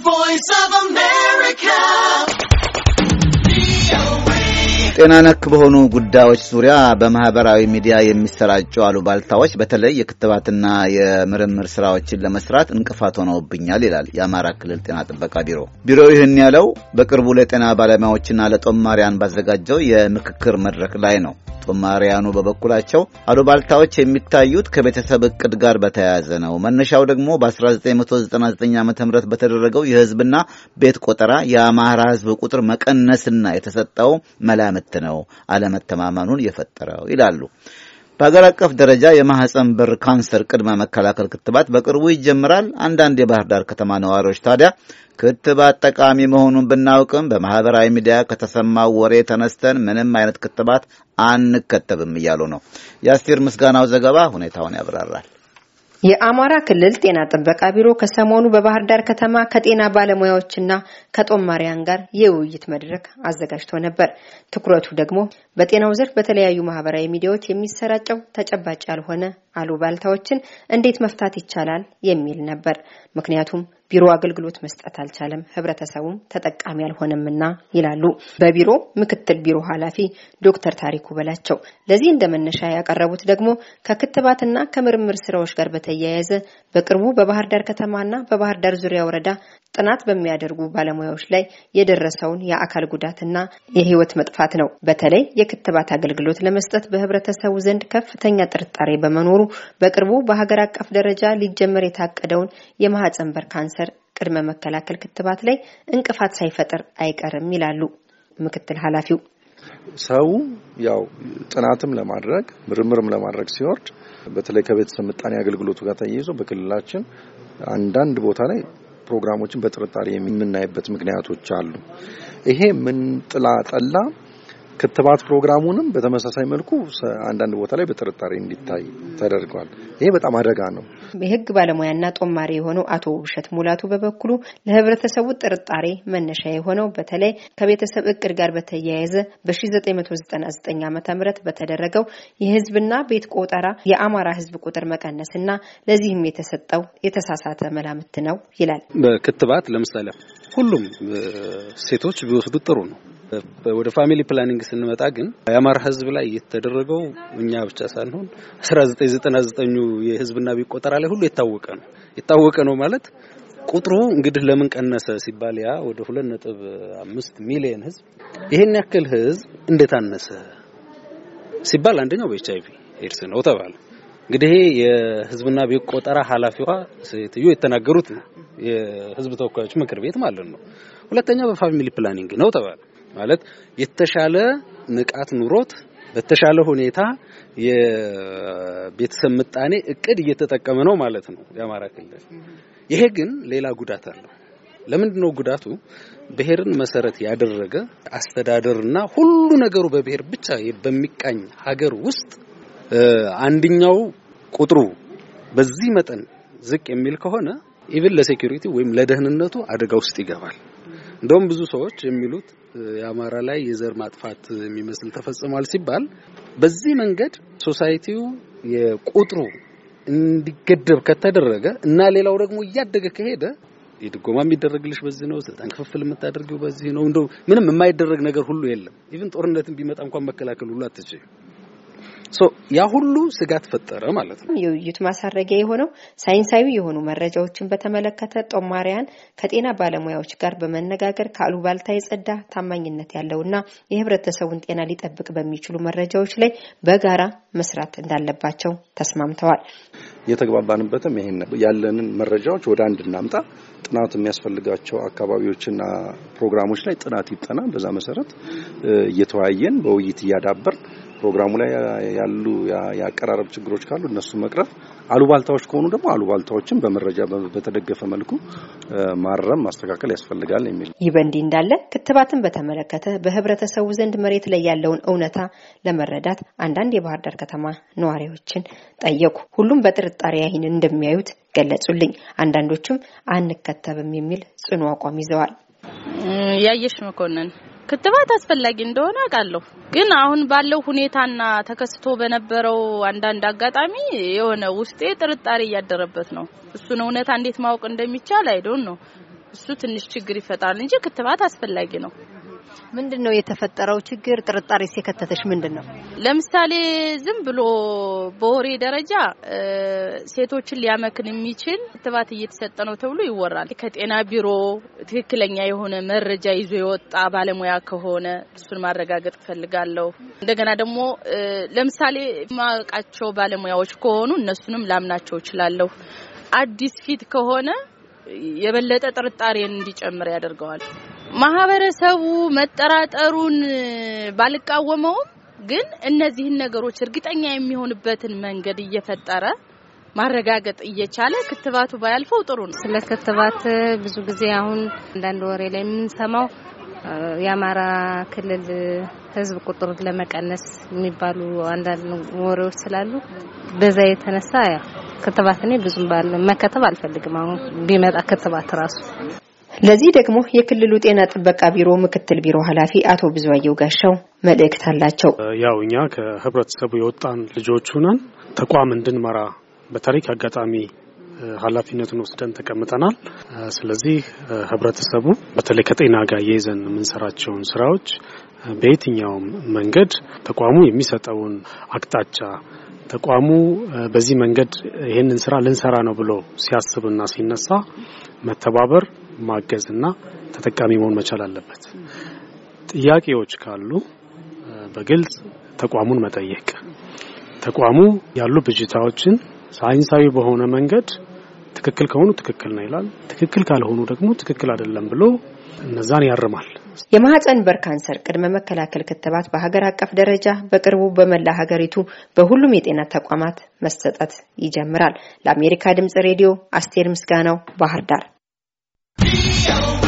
voice of a man. ጤና ነክ በሆኑ ጉዳዮች ዙሪያ በማህበራዊ ሚዲያ የሚሰራጩ አሉባልታዎች በተለይ የክትባትና የምርምር ስራዎችን ለመስራት እንቅፋት ሆነውብኛል ይላል የአማራ ክልል ጤና ጥበቃ ቢሮ። ቢሮው ይህን ያለው በቅርቡ ለጤና ባለሙያዎችና ለጦማሪያን ባዘጋጀው የምክክር መድረክ ላይ ነው። ጦማሪያኑ በበኩላቸው አሉባልታዎች የሚታዩት ከቤተሰብ እቅድ ጋር በተያያዘ ነው። መነሻው ደግሞ በ1999 ዓ ም በተደረገው የህዝብና ቤት ቆጠራ የአማራ ህዝብ ቁጥር መቀነስና የተሰጠው መላምት ትምህርት ነው አለመተማመኑን የፈጠረው ይላሉ። በአገር አቀፍ ደረጃ የማህፀን በር ካንሰር ቅድመ መከላከል ክትባት በቅርቡ ይጀምራል። አንዳንድ የባህር ዳር ከተማ ነዋሪዎች ታዲያ ክትባት ጠቃሚ መሆኑን ብናውቅም በማህበራዊ ሚዲያ ከተሰማው ወሬ ተነስተን ምንም አይነት ክትባት አንከተብም እያሉ ነው። የአስቴር ምስጋናው ዘገባ ሁኔታውን ያብራራል። የአማራ ክልል ጤና ጥበቃ ቢሮ ከሰሞኑ በባህር ዳር ከተማ ከጤና ባለሙያዎችና ከጦማሪያን ጋር የውይይት መድረክ አዘጋጅቶ ነበር። ትኩረቱ ደግሞ በጤናው ዘርፍ በተለያዩ ማህበራዊ ሚዲያዎች የሚሰራጨው ተጨባጭ ያልሆነ አሉባልታዎችን እንዴት መፍታት ይቻላል የሚል ነበር። ምክንያቱም ቢሮ አገልግሎት መስጠት አልቻለም፣ ህብረተሰቡም ተጠቃሚ አልሆነምና ይላሉ በቢሮ ምክትል ቢሮ ኃላፊ ዶክተር ታሪኩ በላቸው። ለዚህ እንደ መነሻ ያቀረቡት ደግሞ ከክትባትና ከምርምር ስራዎች ጋር በተያያዘ በቅርቡ በባህር ዳር ከተማና በባህር ዳር ዙሪያ ወረዳ ጥናት በሚያደርጉ ባለሙያዎች ላይ የደረሰውን የአካል ጉዳትና የሕይወት መጥፋት ነው። በተለይ የክትባት አገልግሎት ለመስጠት በህብረተሰቡ ዘንድ ከፍተኛ ጥርጣሬ በመኖሩ በቅርቡ በሀገር አቀፍ ደረጃ ሊጀመር የታቀደውን የማህፀን በር ካንሰር ቅድመ መከላከል ክትባት ላይ እንቅፋት ሳይፈጥር አይቀርም ይላሉ ምክትል ኃላፊው። ሰው ያው ጥናትም ለማድረግ ምርምርም ለማድረግ ሲወርድ በተለይ ከቤተሰብ ምጣኔ አገልግሎቱ ጋር ተያይዞ በክልላችን አንዳንድ ቦታ ላይ ፕሮግራሞችን በጥርጣሬ የምናይበት ምክንያቶች አሉ። ይሄ ምን ጥላ ጠላ ክትባት ፕሮግራሙንም በተመሳሳይ መልኩ አንዳንድ ቦታ ላይ በጥርጣሬ እንዲታይ ተደርጓል። ይሄ በጣም አደጋ ነው። የህግ ባለሙያና ጦማሪ የሆነው አቶ ውብሸት ሙላቱ በበኩሉ ለህብረተሰቡ ጥርጣሬ መነሻ የሆነው በተለይ ከቤተሰብ እቅድ ጋር በተያያዘ በ1999 ዓ ም በተደረገው የህዝብና ቤት ቆጠራ የአማራ ህዝብ ቁጥር መቀነስና ለዚህም የተሰጠው የተሳሳተ መላምት ነው ይላል። በክትባት ለምሳሌ ሁሉም ሴቶች ቢወስዱ ጥሩ ነው። ወደ ፋሚሊ ፕላኒንግ ስንመጣ ግን የአማራ ህዝብ ላይ የተደረገው እኛ ብቻ ሳንሆን 1999ኙ የህዝብና ቢቆጠራ ላይ ሁሉ የታወቀ ነው። የታወቀ ነው ማለት ቁጥሩ እንግዲህ ለምን ቀነሰ ሲባል ያ ወደ 2.5 ሚሊዮን ህዝብ ይሄን ያክል ህዝብ እንዴት አነሰ ሲባል አንደኛው በኤች አይቪ ኤድስ ነው ተባለ። እንግዲህ የህዝብና ቢቆጠራ ኃላፊዋ ሴትዮ የተናገሩት ነው፣ የህዝብ ተወካዮች ምክር ቤት ማለት ነው። ሁለተኛው በፋሚሊ ፕላኒንግ ነው ተባለ። ማለት የተሻለ ንቃት ኑሮት በተሻለ ሁኔታ የቤተሰብ ምጣኔ እቅድ እየተጠቀመ ነው ማለት ነው የአማራ ክልል። ይሄ ግን ሌላ ጉዳት አለው። ለምንድን ነው ጉዳቱ? ብሔርን መሰረት ያደረገ አስተዳደርና ሁሉ ነገሩ በብሔር ብቻ በሚቃኝ ሀገር ውስጥ አንድኛው ቁጥሩ በዚህ መጠን ዝቅ የሚል ከሆነ ኢቭን ለሴኩሪቲ ወይም ለደህንነቱ አደጋ ውስጥ ይገባል። እንደውም ብዙ ሰዎች የሚሉት የአማራ ላይ የዘር ማጥፋት የሚመስል ተፈጽሟል ሲባል በዚህ መንገድ ሶሳይቲው የቁጥሩ እንዲገደብ ከተደረገ እና ሌላው ደግሞ እያደገ ከሄደ የድጎማ የሚደረግልሽ በዚህ ነው፣ ስልጣን ክፍፍል የምታደርጊው በዚህ ነው። እንደው ምንም የማይደረግ ነገር ሁሉ የለም። ኢቭን ጦርነትን ቢመጣ እንኳን መከላከል ሁሉ አትችይ። ያ ሁሉ ስጋት ፈጠረ ማለት ነው። የውይይቱ ማሳረጊያ የሆነው ሳይንሳዊ የሆኑ መረጃዎችን በተመለከተ ጦማሪያን ከጤና ባለሙያዎች ጋር በመነጋገር ከአሉባልታ የጸዳ ታማኝነት ያለውና የህብረተሰቡን ጤና ሊጠብቅ በሚችሉ መረጃዎች ላይ በጋራ መስራት እንዳለባቸው ተስማምተዋል። የተግባባንበትም ይሄን ያለንን መረጃዎች ወደ አንድ እናምጣ፣ ጥናት የሚያስፈልጋቸው አካባቢዎችና ፕሮግራሞች ላይ ጥናት ይጠና፣ በዛ መሰረት እየተወያየን በውይይት እያዳበር ፕሮግራሙ ላይ ያሉ የአቀራረብ ችግሮች ካሉ እነሱ መቅረፍ፣ አሉባልታዎች ከሆኑ ደግሞ አሉባልታዎችን በመረጃ በተደገፈ መልኩ ማረም፣ ማስተካከል ያስፈልጋል የሚል ይህ በእንዲህ እንዳለ ክትባትን በተመለከተ በህብረተሰቡ ዘንድ መሬት ላይ ያለውን እውነታ ለመረዳት አንዳንድ የባህር ዳር ከተማ ነዋሪዎችን ጠየቁ። ሁሉም በጥርጣሬ አይን እንደሚያዩት ገለጹልኝ። አንዳንዶቹም አንከተብም የሚል ጽኑ አቋም ይዘዋል። ያየሽ መኮንን ክትባት አስፈላጊ እንደሆነ አውቃለሁ። ግን አሁን ባለው ሁኔታና ተከስቶ በነበረው አንዳንድ አጋጣሚ የሆነ ውስጤ ጥርጣሬ እያደረበት ነው። እሱን እውነታ እንዴት ማወቅ እንደሚቻል አይዶን ነው። እሱ ትንሽ ችግር ይፈጣል እንጂ ክትባት አስፈላጊ ነው። ምንድን ነው የተፈጠረው ችግር? ጥርጣሬ የከተተሽ ምንድን ነው? ለምሳሌ ዝም ብሎ በወሬ ደረጃ ሴቶችን ሊያመክን የሚችል ክትባት እየተሰጠ ነው ተብሎ ይወራል። ከጤና ቢሮ ትክክለኛ የሆነ መረጃ ይዞ የወጣ ባለሙያ ከሆነ እሱን ማረጋገጥ እፈልጋለሁ። እንደገና ደግሞ ለምሳሌ የማውቃቸው ባለሙያዎች ከሆኑ እነሱንም ላምናቸው እችላለሁ። አዲስ ፊት ከሆነ የበለጠ ጥርጣሬን እንዲጨምር ያደርገዋል። ማህበረሰቡ መጠራጠሩን ባልቃወመውም ግን እነዚህን ነገሮች እርግጠኛ የሚሆንበትን መንገድ እየፈጠረ ማረጋገጥ እየቻለ ክትባቱ ባያልፈው ጥሩ ነው። ስለ ክትባት ብዙ ጊዜ አሁን አንዳንድ ወሬ ላይ የምንሰማው የአማራ ክልል ሕዝብ ቁጥር ለመቀነስ የሚባሉ አንዳንድ ወሬዎች ስላሉ በዛ የተነሳ ክትባት እኔ ብዙም ባል መከተብ አልፈልግም። አሁን ቢመጣ ክትባት ራሱ ለዚህ ደግሞ የክልሉ ጤና ጥበቃ ቢሮ ምክትል ቢሮ ኃላፊ አቶ ብዙአየው ጋሻው መልእክት አላቸው። ያው እኛ ከህብረተሰቡ የወጣን ልጆች ሆነን ተቋም እንድንመራ በታሪክ አጋጣሚ ኃላፊነቱን ወስደን ተቀምጠናል። ስለዚህ ህብረተሰቡ በተለይ ከጤና ጋር የይዘን የምንሰራቸውን ስራዎች በየትኛውም መንገድ ተቋሙ የሚሰጠውን አቅጣጫ ተቋሙ በዚህ መንገድ ይህንን ስራ ልንሰራ ነው ብሎ ሲያስብና ሲነሳ መተባበር ማገዝ እና ተጠቃሚ መሆን መቻል አለበት። ጥያቄዎች ካሉ በግልጽ ተቋሙን መጠየቅ፣ ተቋሙ ያሉ ብዥታዎችን ሳይንሳዊ በሆነ መንገድ ትክክል ከሆኑ ትክክል ነው ይላል፣ ትክክል ካልሆኑ ደግሞ ትክክል አይደለም ብሎ እነዛን ያርማል። የማህፀን በር ካንሰር ቅድመ መከላከል ክትባት በሀገር አቀፍ ደረጃ በቅርቡ በመላ ሀገሪቱ በሁሉም የጤና ተቋማት መሰጠት ይጀምራል። ለአሜሪካ ድምጽ ሬዲዮ አስቴር ምስጋናው ባህር ዳር Be